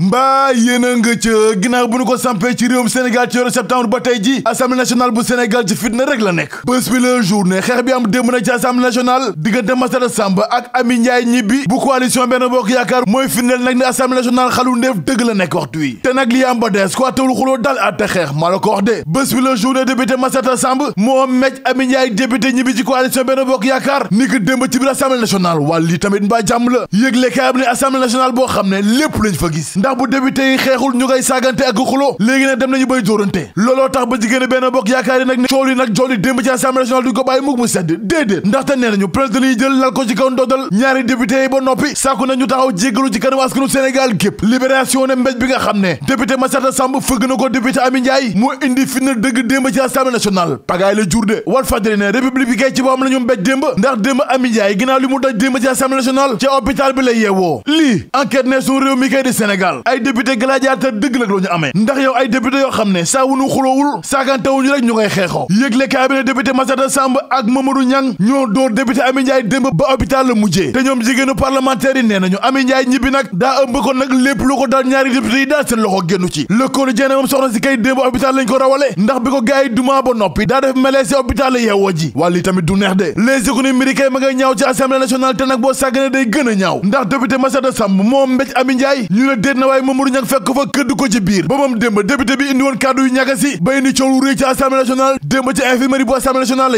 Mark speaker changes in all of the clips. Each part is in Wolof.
Speaker 1: mbaa yéen a nga ca bu nu ko sampee ci réewum Sénégal ci yoonu septembre ba tey ji assemblée nationale bu Sénégal ci fitna rek la nekk bés bi la journée xeex bi am démb na ci assemblée nationale diggante Massata Samb ak Ami Ndiaye ñibbi bu coalition Benno Bokk Yaakaar mooy firndeel nag ne assemblée nationale xalu ndeef dëgg la nekk waxtu wi te nag li am des quoi tawul xuloo dal atte xeex maa la ko wax de bés bi la journée député Massata Samb moo ñibbi ci coalition Benno Yaakaar ni ko démb ci biir assemblée nationale wàll li tamit mbaa jàmm boo xam ne lépp lañ fa gis ndax bu député yi xeexul ñu ngay saagante ak xulo léegi nag dem nañu bay dóorante looloo tax ba jigéen benn bokk yaakaar yi nag ne cool yi nag jool yi démb ci assemblée nationale duñ ko bàyyi mukk mu sedd déedéet ndaxte nee nañu plainte liy jël lal ko ci kaw ndodal ñaari député yi ba noppi sàkku nañu taxaw jéggalu ci kanam askanu Sénégal gépp libération ne mbéj bi nga xam ne député Massata Samb fëgg na ko député Ami Ndiaye moo indi fitna dëgg démb démb ci mi kay di Sénégal Sénégal ay député gladiateur dëgg lak la ñu ndax yow ay député yoo xam ne saa xuloowul saagantewuñu rek ñu ngay xeexoo yëgle kaa bi ne député Massata Samb ak Mamadou Niang ñoo door député Amy Ndiaye démb ba hôpital la mujjee te ñoom jigéenu parlementaire yi nañu Amy Ndiaye ñibbi nag daa ëmb ko nag lépp ko daal ñaari député yi daal seen loxo génnu ci Le Quotidien moom soxna si kay démb hôpital lañ ko rawale ndax bi ko gars dumaa ba noppi a waaye Mamadou Niang fekk fa këdd ko ci biir ba moom démb député bi indi woon kàddu yu ñagasi ba indi coow lu rëy ci assemblée nationale démb ci infirmerie bu assemblée nationale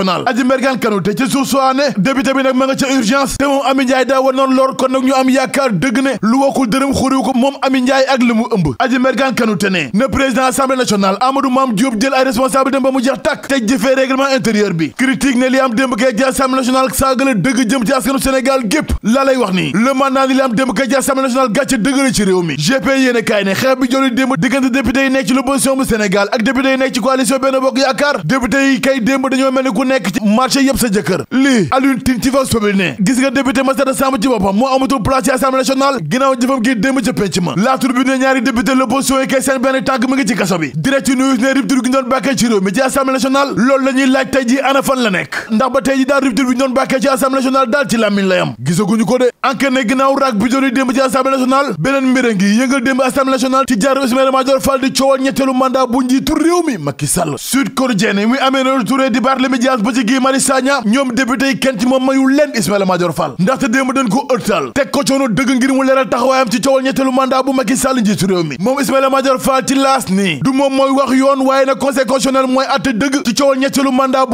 Speaker 1: na aji mbergaan kanute ci suuf soo ne député bi nag ma nga ca urgence te moom Ami Ndiaye daa war noon lor kon nag ñu am yaakaar dëgg ne lu waxul dërëm xuriw ko moom Ami Ndiaye ak li ëmb aji mbergaan kanute ne ne président assemblée nationale Amadou Mame Diop jël ay responsabilité ba mu Sénégal gépp laa lay wax nii le am démb ka ci assemblée nationale gàcce dëgëra ci réew mi gp yéene kaay ne xeex bi joli démb diggante député yi nekk ci l'opposition bu Sénégal ak député yi nekk ci coalition Benno Bokk Yaakaar député yi kay démb dañoo mel ni ku nekk ci marché yëpp sa jëkkër lii Alioune Tine ci fa sobli ne gis nga député Massata Samb ci boppam moo amatul place ci assemblée nationale ginnaaw jëfam gi démb ca penc ma laa tur yam gisaguñu ko de enquête ne ginnaaw raak bi doon démb ci assemblée nationale beneen mbir a ngi yëngal démb assemblée nationale ci jaar Ismaïla Madior Fall di coowal ñetteelu mandat bu njiitu réew mi Macky Sall Sud Quotidien ci Guy Marius Sagna moom mayu leen Ismaïla Madior Fall ndaxte démb dañ ko ci coowal ñetteelu mandat bu njiitu réew mi moom Ismaïla Madior Fall ci laas nii du moom mooy wax yoon waaye na conseil mooy atte dëgg ci coowal ñetteelu mandat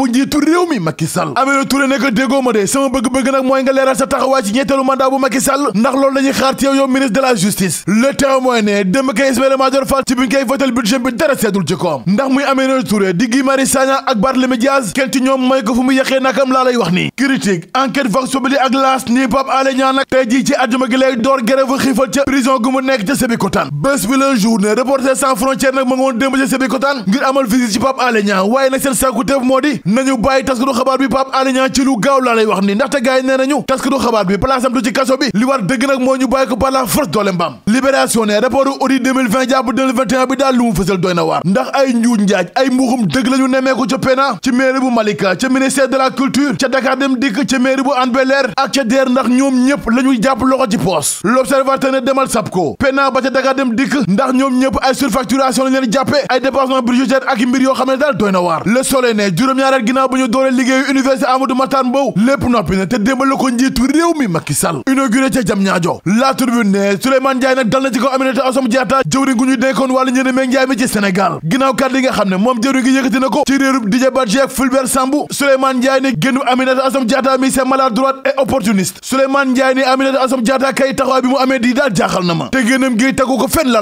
Speaker 1: leeral sa taxawa ci ñettelu mandat bu Macky Sall ndax loolu lañuy xaar ci yow yow ministre de la justice le témoin ne démb kay Ismaël Major Fall ci buñ kay votel budget bi dara seetul ci koom ndax muy Aminata Touré di Guy Marius Sagna ak Barthélémy Diaz kel ci ñom may ko fu mu yexé nakam la lay wax ni critique enquête Vox Populi ak L'As ni pop Alé ñaan nak tay ji ci aduma gi lay door grève xifal ci prison gu mu nekk Sébi Sébikotane bés bi la journée Reporters sans frontières nak ma ngone dem ci Sébi Sébikotane ngir amal visite ci pop Alé ñaan waye nak seen sàkku teef moo di nañu bàyyi taskatu xabar bi pop Alé ñaan ci lu gaaw la lay wax ni ndax ta gaay nee nañu taskatu xabaar bi place am du ci kaso bi li war deug nak moo ñu bàyyi ko par la force doole mbaam libération ne rapportu audit 2020 jàpp 2021 bi dal lu mu fësal doy na ndax ay njuuj njaaj ay mbuuxum deug lañu ñu nemmeeku ca PENA ci mairie bu Malika ci ministère de la culture ci Dakar dem dik ci mairie bu Hann ak ci DER ndax ñom ñëpp la japp jàpp loxo ci poos l'observateur ne demal sapko PENA ba ci Dakar dem dik ndax ñom ñëpp ay surfacturation lañu jappé ay dépassement budgétaire ak mbir yo xam dal doyna war le soleil ne juróom-ñaareel ginnaaw bu ñu doore liggéeyu université Amadou Mahtar Mbow lepp nopi na te dembal ko njiitu réew mi Macky Sall inauguré ca jam ñaajo la tribune ne Souleymane Ndiaye nag dal na ci kaw Aminata Assome Diatta jëwriñ gu ñu dénkoon wàllu ñene meeg njaay mi ci Sénégal ginnaaw kàddu yi nga xam ne moom jëwriñ gi yëkkati ko ci réerub Didier Badji ak Fulbert Sambou Souleymane Ndiaye ne génnu Aminata Assome Diatta mi c'est maladroite et opportuniste Souleymane Ndiaye ne Aminata Assome Diatta kay taxawaay bi mu di daal jaaxal na ma te génnam gi tegu ko fenn la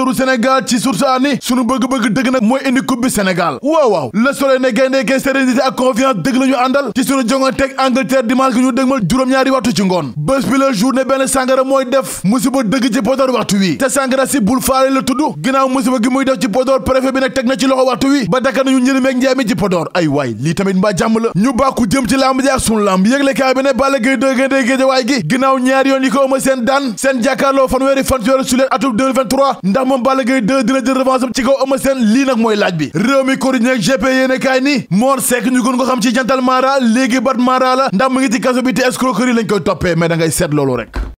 Speaker 1: wax ni sunu bëgg-bëgg dëgg nag mooy indi coupe bi waaw waaw Le Soleil ne gayndeekee ak confiance dëgg la àndal ci sunu jonganteeg Angleterre dimanche gi ñu dëgmal juróom-ñaari waxtu ci ngoon bés bi la journée benn sàngara mooy def musiba dëgg ci Podor waxtu wi te sàngara si bul faale la tudd ginnaaw musiba gi muy def ci Podor préfet bi teg na ci loxo waxtu wi ba dakar nañu njëriñ meeg ci Podor ay waay lii tamit mbaa jàmm la ñu bàkku ci kaw Eumeu Sène lii nag mooy laaj bi réew mi quotidien ak GP yéene kaay ni Mor Seck ñu gën ko xam ci jantal Mara léegi bat Mara la ndax mu ngi ci kaso bi te escroquerie lañ koy toppee mais da ngay seet loolu rek